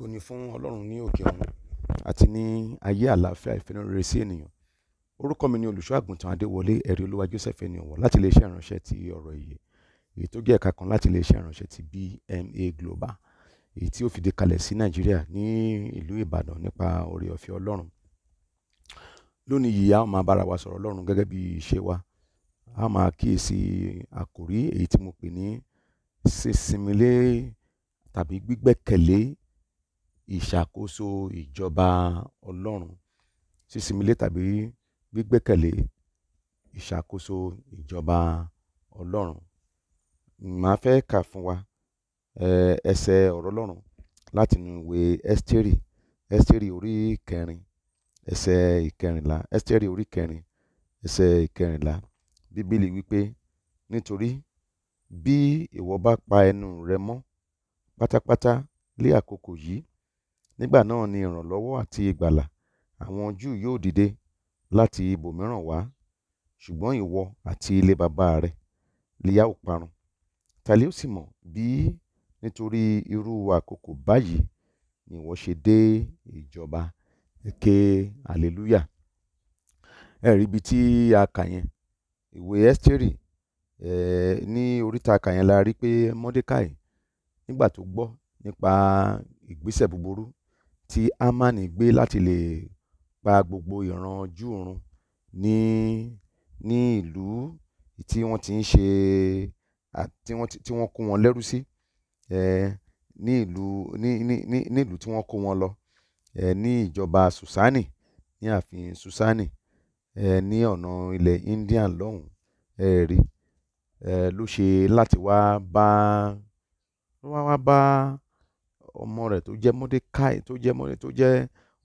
ògo ni fún Ọlọ́run ní òkè ọ̀run àti ní ayé àlàáfíà ìfẹ́nurere sí ènìyàn orúkọ mi ni olùṣọ́ àgùntàn Adéwọlé ẹ̀rí olúwa Joseph ẹni ọ̀wọ̀ láti iléeṣẹ́ ìránṣẹ́ ti ọ̀rọ̀ ìyè èyí tó jẹ́ ẹ̀ka kan láti iléeṣẹ́ ìránṣẹ́ ti BMA Global èyí tí ó fìdí kalẹ̀ sí Nàìjíríà ní ìlú Ìbàdàn nípa oore ọ̀fẹ́ Ọlọ́run lónìí yìí a ó máa bára wa sọ̀rọ̀ Ọlọ́run gẹ́gẹ́ bí ìṣe wa a máa kíyèsí àkòrí èyí tí mo pè ní sísinmilé tàbí gbígbẹ́kẹ̀lé ìṣàkóso ìjọba ọlọ́run sísinmilé tàbí gbígbẹ́kẹ̀lé ìṣàkóso ìjọba ọlọ́run. Màá fẹ́ kà fún wa um ẹsẹ̀ ọ̀rọ̀ ọlọ́run láti inú ìwé Ẹ́sítérì Ẹ́sítérì orí kẹrin ẹsẹ̀ ìkẹrìnlá Ẹ́sítérì orí kẹrin ẹsẹ̀ ìkẹrìnlá bíbélì wípé nítorí bí ìwọ bá pa ẹnu rẹ mọ́ pátápátá lé àkókò yìí nígbà náà ni ìrànlọ́wọ́ àti ìgbàlà àwọn júù yóò dìde láti ibòmíràn wá ṣùgbọ́n ìwọ àti ilé baba rẹ a ó parun ta ni yóò sì mọ̀ bí nítorí irú àkókò báyìí ni ìwọ ṣe dé ìjọba ẹ ké hallelujah ẹ rí ibi tí a kà yẹn ìwé ẹ́sítérì ní oríta kà yẹn la rí pé mọ́dékàì nígbà tó gbọ́ nípa ìgbésẹ̀ búburú tí hámánì gbé láti lè pa gbogbo ìran júù run ní ní ìlú tí wọ́n ti ń ṣe tí wọ́n tí wọ́n kó wọn lẹ́rú sí ní ìlú ní ní ní ìlú tí wọ́n kó wọn lọ ní ìjọba Susani ní ààfin Susani ní ọ̀nà ilẹ̀ India lọ́hùn-ún ẹ̀rí ló ṣe láti wá bá wá wá bá ọmọ rẹ̀ tó jẹ́ mordecai tó jẹ́ mordecai tó jẹ́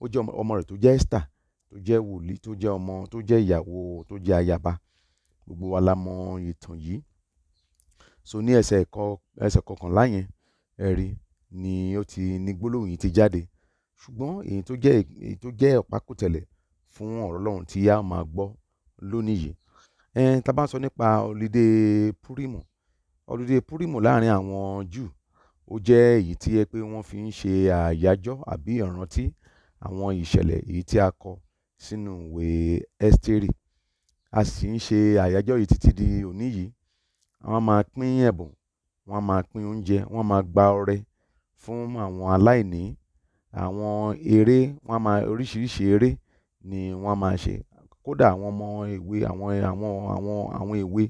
ó jẹ́ ọmọ rẹ̀ tó jẹ́ esther tó jẹ́ wòlíì tó jẹ́ ọmọ tó jẹ́ ìyàwó tó jẹ́ ayaba gbogbo wa la mọ ìtàn yìí so ní ẹsẹ̀ ẹ̀kọ́ ẹsẹ̀ kọkànlá yẹn ẹ̀rí ni ó ti ní gbólóhùn yìí ti jáde ṣùgbọ́n èyí tó jẹ́ èyí tó jẹ́ ọ̀pákùtẹ̀lẹ̀ fún ọ̀rọ̀ ọlọ́run tí a máa gbọ́ lónìí yìí ẹn tá a bá sọ nípa ọ̀lídé púrímù ọ̀lídé púrímù láàrin àwọn Júù ó jẹ́ èyí tí ẹ pé wọ́n fi ń ṣe àyájọ́ àbí ìrántí àwọn ìṣẹ̀lẹ̀ èyí tí a kọ sínú ìwé ẹ́sítérì a sì ń ṣe àyájọ́ yìí títí di òní yìí wọ́n máa pín ẹ̀bùn wọ́n máa pín oúnjẹ wọ́n máa gba ọrẹ fún àwọn aláìní àwọn eré wọ́n máa oríṣiríṣi eré ni wọ́n máa ṣe kódà àwọn ọmọ ìwé àwọn àwọn àwọn àwọn ìwé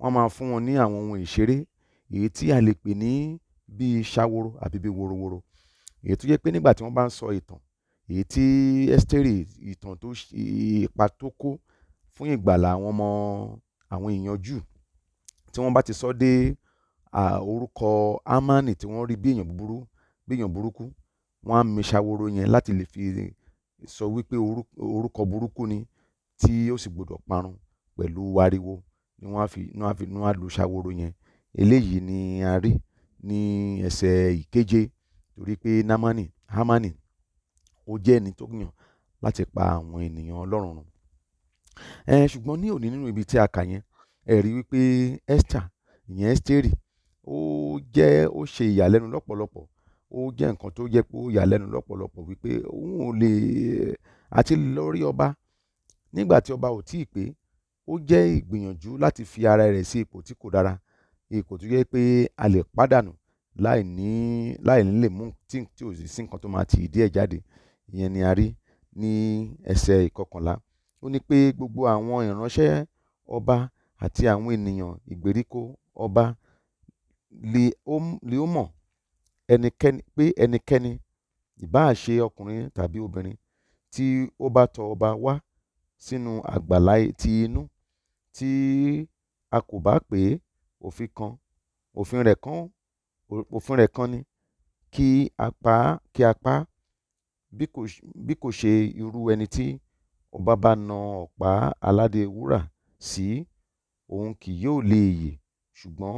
wọ́n máa fún wọn ní àwọn ohun ìṣeré èyí tí a lè pè ní bíi ṣaworo àbí bíi woroworo èyí tó jẹ́ pé nígbà tí wọ́n bá ń sọ ìtàn èyí tí ẹ́sítérì ìtàn tó ipa tó kó fún ìgbàlà àwọn ọmọ àwọn èèyàn tí wọ́n bá ti sọ dé orúkọ amani tí wọ́n rí bí èèyàn búburú bí èèyàn burúkú wọ́n á mi ṣaworo yẹn láti lè fi sọ wípé orúkọ burúkú ni tí ó sì gbọdọ̀ parun pẹ̀lú ariwo ni wọ́n á fi ni wọ́n á lu ṣaworo yẹn eléyìí ni a rí ní ẹsẹ̀ ìkeje torí pé námánì hámánì ó jẹ́ ẹni tó yàn láti pa àwọn ènìyàn ọlọ́run run ẹ ṣùgbọ́n ní òní nínú ibi tí a kà yẹn ẹ wípé Esther ìyẹn Ẹ́sítérì ó jẹ́ ó ṣe ìyàlẹ́nu lọ́pọ̀lọpọ̀ ó jẹ́ nǹkan tó jẹ́ pé ó yàlẹ́nu lọ́pọ̀lọpọ̀ wípé òun ò lè àti lórí ọba nígbà tí ọba ò tí ì pé ó jẹ́ ìgbìyànjú láti fi ara rẹ̀ sí ipò tí kò dára ipò tó jẹ́ pé a lè pàdánù láì ní láì ní lè mú tí tí ò sí nǹkan tó máa ti ìdí ẹ̀ jáde ìyẹn ni a rí ní ẹsẹ̀ ìkọkànlá ó ní pé gbogbo àwọn ìránṣẹ́ ọba àti àwọn ènìyàn ìgbèríko ọba lè ó mọ̀ ẹnikẹ́ni pé ẹnikẹ́ni ìbáà ṣe ọkùnrin tàbí obìnrin tí ó bá tọ̀ ọba wá sínú àgbàlá e, ti inú tí a kò bá pè é òfin kan òfin rẹ̀ kan òfin rẹ̀ kan ni kí a pa kí a pa bí kò ṣe irú ẹni tí ọba bá na ọ̀pá aládé wúrà sí òun kì yóò lè yè ṣùgbọ́n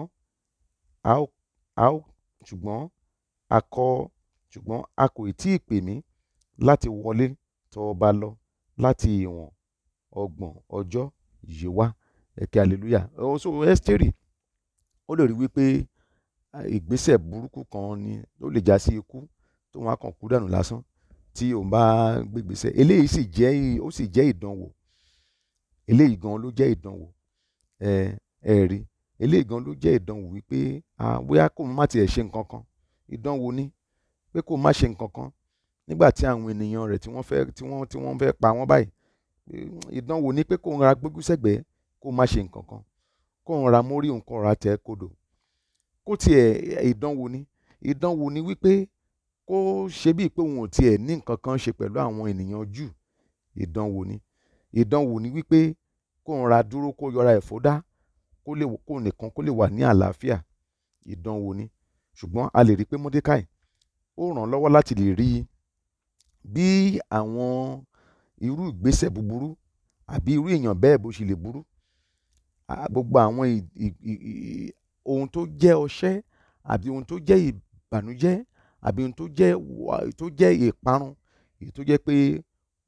a ó a ó ṣùgbọ́n a kọ́ ṣùgbọ́n a kò tí ì pè mí láti wọlé tọ̀ ọba lọ láti ìwọ̀n ọgbọ̀n ọjọ́ yìí wá ẹ̀kẹ́ hallelujah ọ̀ṣọ́ oh, ẹ́stẹ́rì ó lè rí wípé ìgbésẹ̀ burúkú kan ni ó lè já sí ikú tó wọn á kàn kú dànù lásán tí òun bá gbé ìgbésẹ̀ eléyìí sì jẹ́ ó sì jẹ́ ìdánwò eléyìí gan ló jẹ́ ìdánwò ẹ ẹ rí eléyìí gan ló jẹ́ ìdánwò wípé bóyá kò má tiẹ̀ ṣe nǹkan kan ìdánwò ni pé kò má ṣe nǹkan kan nígbà tí àwọn ènìyàn rẹ̀ tí wọ́n fẹ́ tí wọ́n tí wọ́n fẹ́ pa wọ́n báyìí ìdánwò ni pé kò ń ra gbójú sẹ́gbẹ̀ẹ́ kó má ṣe nǹkan kan kó ń ra mórí nǹkan ọ̀rá tẹ̀ kodò kó tiẹ̀ ìdánwò ni ìdánwò ni wípé kó ṣe bíi pé òun ò tiẹ̀ ní nǹkan kan ṣe pẹ̀lú àwọn ènìyàn jù ìdánwò ni ìdánwò ni wípé kó ń ra dúró kó yọra ẹ̀fọ́ dá kó lè kó nìkan kó lè wà ní àlàáfíà ìdánwò ni ṣùgbọ́n a lè rí i pé Mordecai ó ràn lọ́wọ́ láti lè rí bí àwọn irú ìgbésẹ̀ búburú àbí irú èèyàn bẹ́ẹ̀ bó ṣe lè burú gbogbo àwọn ohun tó jẹ́ ọṣẹ́ àbí ohun tó jẹ́ ìbànújẹ́ àbí ohun tó jẹ́ tó jẹ́ ìparun èyí tó jẹ́ pé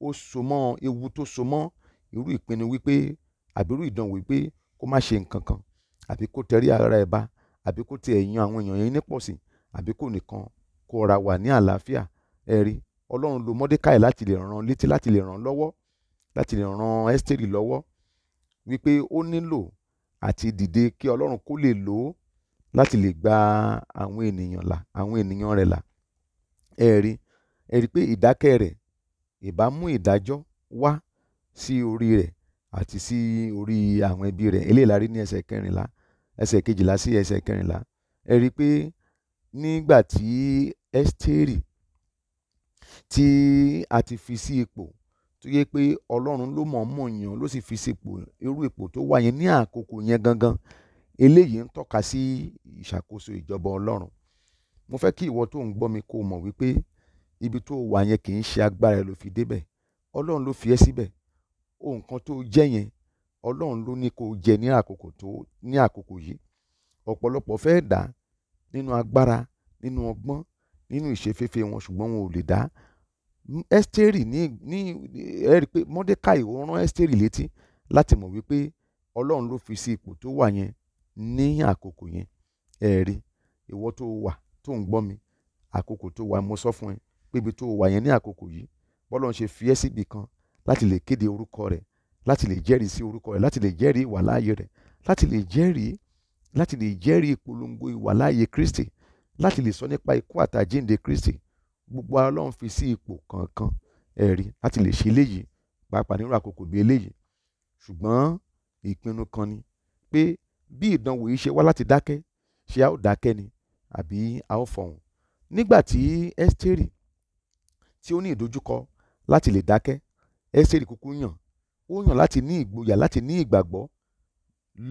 ó so mọ́ ewu tó so mọ́ irú ìpinnu wípé àbí irú ìdánwò wípé kó má ṣe nǹkan kan àbí kó tẹrí ara ẹ̀ ba àbí kó tiẹ̀ yan àwọn èèyàn yẹn nípọ̀sí àbí kó nìkan kó ra wà ní àlàáfíà ẹ rí ọlọ́run lo mọ́dékàì láti lè ràn létí láti lè ràn lọ́wọ́ láti lè ràn ẹ́stérì lọ́wọ́ wípé ó nílò àti dìde kí Ọlọ́run kó lè lò ó láti lè gba àwọn ènìyàn là àwọn ènìyàn rẹ̀ là. Ẹ rí ẹ rí pé ìdákẹ́ rẹ̀ ìbá mú ìdájọ́ wá sí orí rẹ̀ àti sí orí àwọn ẹbí rẹ̀. Eléyìí la rí ní ẹsẹ̀ kẹrìnlá ẹsẹ̀ kejìlá sí ẹsẹ̀ kẹrìnlá. Ẹ pé nígbà tí Ẹ́sítérì tí a ti fi sí ipò tó yẹ pé ọlọ́run ló mọ̀ọ́mọ̀ yàn ló sì fi sípò irú ipò tó wà yẹn ní àkókò yẹn gangan eléyìí ń tọ́ka sí ìṣàkóso ìjọba ọlọ́run mo fẹ́ kí ìwọ tó ń gbọ́ mi kó mọ̀ wípé ibi tó wà yẹn kì í ṣe agbára ẹ ló fi débẹ̀ ọlọ́run ló fi ẹ́ síbẹ̀ o nǹkan tó jẹ́ yẹn ọlọ́run ló ní kó jẹ ní àkókò tó ní àkókò yìí ọ̀pọ̀lọpọ̀ fẹ́ dá nínú agbára nínú ọgbọ́n nínú ìṣeféfe wọn ṣùgbọ́n wọn ò lè dá ẹ́stérì ní ní ẹ rí i pé mọ́dékàì ó rán ẹ́stérì létí láti mọ̀ wípé ọlọ́run ló fi sí ipò tó wà yẹn ní àkókò yẹn ẹ rí ìwọ tó wà tó ń gbọ́ mi àkókò tó wà mo sọ fún ẹ pé ibi tó wà yẹn ní àkókò yìí bọ́lọ́run ṣe fi ẹ́ síbi kan láti lè kéde orúkọ rẹ̀ láti lè jẹ́rìí sí orúkọ rẹ̀ láti lè jẹ́rìí ìwàláàyè rẹ̀ láti lè jẹ́rìí láti lè jẹ́rìí ìpolongo ìwàláàyè Kristi láti lè sọ nípa ikú àtàjínde Kristi gbogbo ara Ọlọ́run fi sí ipò kọ̀ọ̀kan ẹ̀rí láti lè ṣe eléyìí pàápàá nírú àkókò bíi eléyìí ṣùgbọ́n ìpinnu kan ni pé bí ìdánwò yìí ṣe wá láti dákẹ́ ṣé a ó dákẹ́ ni àbí a ó fọhùn nígbà tí Ẹ́sítérì tí ó ní ìdojúkọ láti lè dákẹ́ Ẹ́sítérì kúkú yàn ó yàn láti ní ìgboyà láti ní ìgbàgbọ́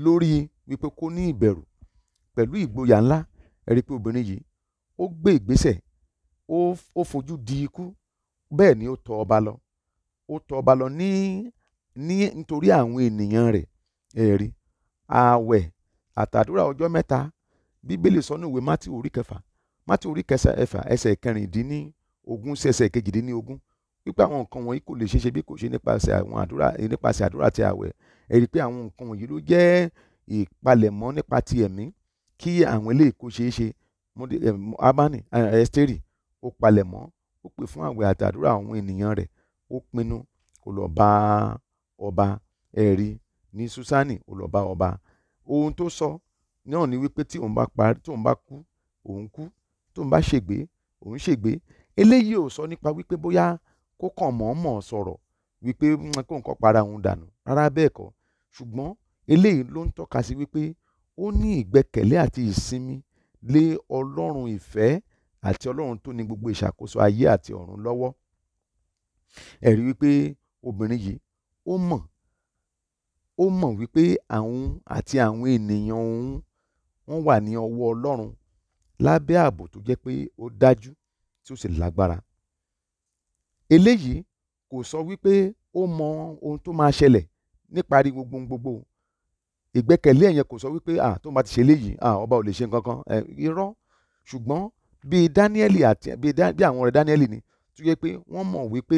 lórí wípé kó ní ìbẹ̀rù pẹ̀lú ìgboyà ńlá ẹ̀rí pé obìnrin yìí ó gbé ìgbésẹ̀ ó fojú di ikú bẹ́ẹ̀ ni ó tọ ọba lọ ó tọ ọba lọ ní ní nítorí àwọn ènìyàn rẹ̀ ẹ̀rí ààwẹ̀ àtàdúrà ọjọ́ mẹ́ta bíbélì sọ ní ìwé mátì orí kẹfà mátì orí kẹsà ẹfà ẹsẹ̀ kẹrìndínní ogún sí ẹsẹ̀ kejìdínní ogún wípé àwọn nǹkan wọ̀nyí kò lè ṣeé ṣe bí kò ṣe nípasẹ̀ àwọn àdúrà nípasẹ̀ àdúrà ti ààwẹ̀ ẹ̀rí pé àwọn nǹkan wọ̀nyí ló jẹ́ ìpalẹ̀mọ́ nípa ti ẹ̀mí kí àwọn eléyìí kó ṣeé ṣe amani ẹsteri ó palẹ̀mọ́ ó pè fún àwẹ̀ àtàdúrà àwọn ènìyàn rẹ̀ ó pinnu ó lọ bá ọba ẹ̀rí ní susani ó lọ bá ọba ohun tó sọ náà ni wípé tí òun bá parí tí òun bá kú òun kú tí òun bá ṣègbé òun ṣègbé eléyìí ò sọ nípa wípé bóyá kó kàn mọ̀ọ́mọ̀ sọ̀rọ̀ wípé kó nǹkan para òun dànù rárá bẹ́ẹ̀ kọ́ ṣùgbọ́n eléyìí ló ń tọ́ka sí wípé ó ní ìgbẹ́kẹ̀lé àti ìsinmi lé ọlọ́run ìfẹ́ àti ọlọ́run tó ní gbogbo ìṣàkóso ayé àti ọ̀run lọ́wọ́ ẹ̀rí wípé obìnrin yìí ó mọ̀ ó mọ̀ wípé àwọn àti àwọn ènìyàn òun wọ́n wà ní ọwọ́ ọlọ́run lábẹ́ ààbò tó jẹ́ pé ó dájú tí ó sì lágbára eléyìí kò sọ wípé ó mọ ohun tó máa ṣẹlẹ̀ níparí gbogbo gbogbo ìgbẹ́kẹ̀lé ẹ̀yẹn kò sọ wípé ah tó bá ti ṣe eléyìí ah ọba ò lè ṣe nǹkan kan irọ́ ṣùgbọ́n bíi dáníẹ́lì àti bíi àwọn ọ̀rẹ́ dáníẹ́lì ni tó yẹ pé wọ́n mọ̀ wípé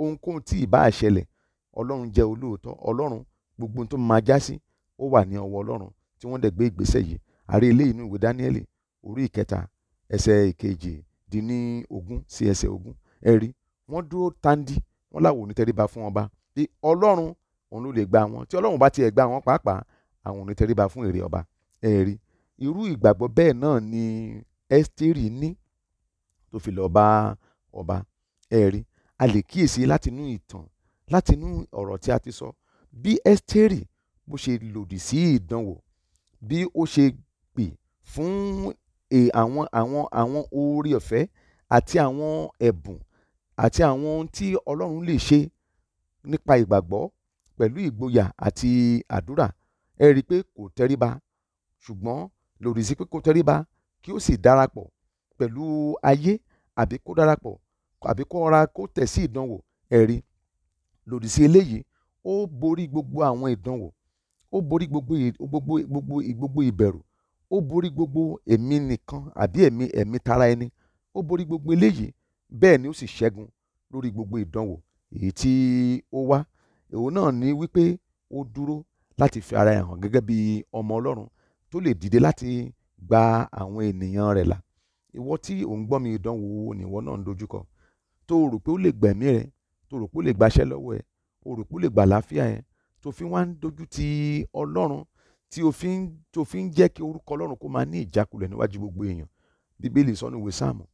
ohunkóhun tí ìbá àṣẹlẹ̀ ọlọ́run jẹ́ olóòótọ́ ọlọ́run gbogbo tó máa já sí ó wà ní ọwọ́ ọlọ́run tí wọ́n dẹ̀ gbé ìgbésẹ̀ yìí àrí ilé inú ìwé dáníẹ́lì orí ìkẹta ẹsẹ̀ ìkejì dín ní ogún sí ẹsẹ̀ ogún ẹ̀rí wọ́n dúró tandi wọ́n láwọn onítẹríba fún ọba bí ọlọ́run òun ló lè gba wọn tí ọlọ́run bá tiẹ̀ gba wọn pàápàá àwọn onítẹríba fún èrè ọba ẹ̀rí irú ìgbàgbọ́ bẹ́ẹ̀ náà ni ẹ́sítérì ní tó fi lọ́ọ́ bá ọba ẹ̀rí a lè kíyèsí látinú ìtàn látinú ọ̀rọ̀ tí a ti sọ bí ẹ́sítérì bó ṣe lòdì sí ìdánwò bí ó ṣe pè fún e, àwọn àwọn àwọn oore ọ̀fẹ́ àti àwọn ẹ̀bùn àti àwọn ohun tí ọlọ́run lè ṣe nípa ìgbàgbọ́ pẹ̀lú ìgboyà àti àdúrà ẹ rí i pé kò tẹríba ṣùgbọ́n lòdì sí pé kò tẹríba kí ó sì darapọ̀ pẹ̀lú ayé àbí kó darapọ̀ àbí kó ra kó tẹ̀ sí ìdánwò ẹ̀rí lòdì sí eléyìí ó borí gbogbo àwọn ìdánwò ó borí gbogbo gbogbo gbogbo gbogbo ìbẹ̀rù ó borí gbogbo ẹ̀mí nìkan àbí ẹ̀mí ẹ̀mí tara ẹni ó borí gbogbo eléyìí bẹ́ẹ̀ ni ó sì ṣẹ́gun lórí gbogbo ìdánwò èyí tí ó wá òun náà ní wípé ó dúró láti fi ara ẹ̀ hàn gẹ́gẹ́ bí ọmọ ọlọ́run tó lè dìde láti gba àwọn ènìyàn rẹ̀ là ìwọ tí ò ń gbọ́ mi ìdánwò wo ni ìwọ náà ń dojúkọ tó o rò pé ó lè gbẹ̀mí rẹ tó o rò pé ó lè gbaṣẹ́ lọ́wọ́ ẹ o rò pé ó lè gbà láfíà ẹ tó fi wá ń dojú ti ọlọ́run tí o fi ń tó fi ń jẹ́ kí orúkọ ọlọ́run kó máa ní ìjákulẹ̀ níwájú gbogbo èèyàn bíbélì sọnù ìwé sáàmù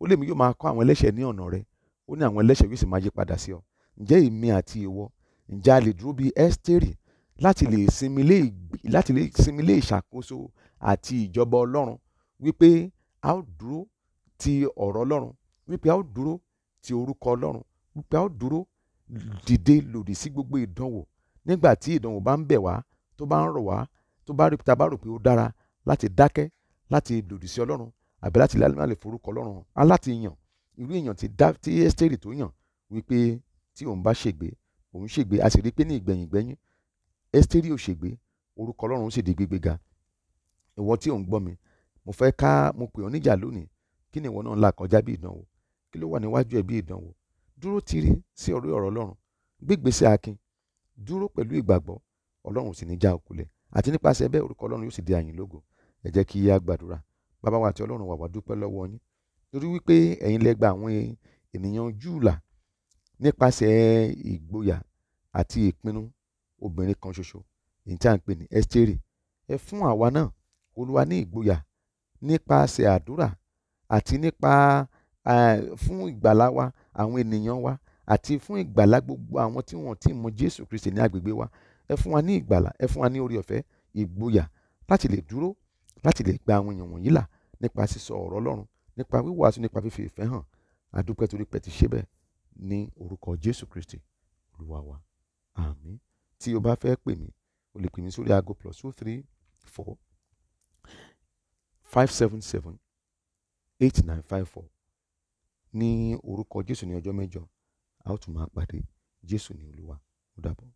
ó lèmi yóò máa kọ́ àwọn ẹlẹ́ṣẹ̀ ní ọ̀nà rẹ ó ní àwọn ẹlẹ́ṣẹ̀ yóò sì máa yí padà sí ọ ǹjẹ́ èmi àti ìwọ ǹjẹ́ a lè dúró bíi ẹ́stérì láti lè sinmi lé ìṣàkóso àti ìjọba ọlọ́run wípé a ó dúró ti ọ̀rọ̀ ọlọ́run wípé a ó dúró ti orúkọ ọlọ́run wípé a ó dúró dìde lòdì sí gbogbo ìdánwò nígbà tí ìdánwò bá ń bẹ̀ wá tó bá ń rọ̀ wá tó bá rí tá a bá rò pé ó dára láti dákẹ́ láti lòdì sí ọlọ́run àbí láti má lè forúkọ ọlọ́run hàn á láti yàn irú èèyàn ti dá tí Ẹ́sítérì tó yàn wípé tí òun bá ṣègbé òun ṣègbé a sì rí pé ní ìgbẹ̀yìn gbẹ́yìn Ẹ́sítérì ò ṣègbé orúkọ ọlọ́run ó sì di gbígbéga ìwọ tí ò ń gbọ́ mi mo fẹ́ ká mo pè ọ́ níjà lónìí kí ni ìwọ náà ń là kọjá bí ìdánwò kí ló wà níwájú ẹ̀ bí ìdánwò dúró tiri sí ọ̀rọ̀ ọ̀rọ̀ ọlọ́run gbígbèsè akin dúró pẹ̀lú ìgbàgbọ́ ọlọ́run sì ní já òkulẹ̀ àti nípasẹ̀ bẹ́ẹ̀ orúkọ ọlọ́run yóò sì di àyìn lógo ẹ jẹ́ kí a gbàdúrà bàbá wa àti ọlọ́run wàwá dúpẹ́ lọ́wọ́ yín torí wípé ẹ̀yin lẹ gba àwọn ènìyàn júù là nípasẹ̀ ìgboyà àti ìpinnu obìnrin kan ṣoṣo èyí pè ní ẹ́stérì ẹ fún àwa náà Olúwa ní ìgboyà nípasẹ̀ àdúrà àti nípa fún ìgbàlá wa àwọn ènìyàn wa àti fún ìgbàlá gbogbo àwọn tí wọ́n ti mọ Jésù Kristi ní agbègbè wa ẹ fún wa ní ìgbàlá ẹ fún wa ní oore ọ̀fẹ́ ìgboyà láti lè dúró láti lè gba àwọn èèyàn wọ̀nyí là nípa sísọ ọ̀rọ̀ Ọlọ́run nípa wíwàásù nípa fífi ìfẹ́ hàn àdúpẹ́ torí pé ti ṣe bẹ́ẹ̀ ní orúkọ Jésù Kristi Olúwa wa àmín tí o bá fẹ́ pè mí o lè pè mí sórí aago plus two three four five seven seven eight nine five four ní orúkọ jésù ní ọjọ́ mẹ́jọ a ó tún máa pàdé jésù ní olúwa ó dàbọ̀.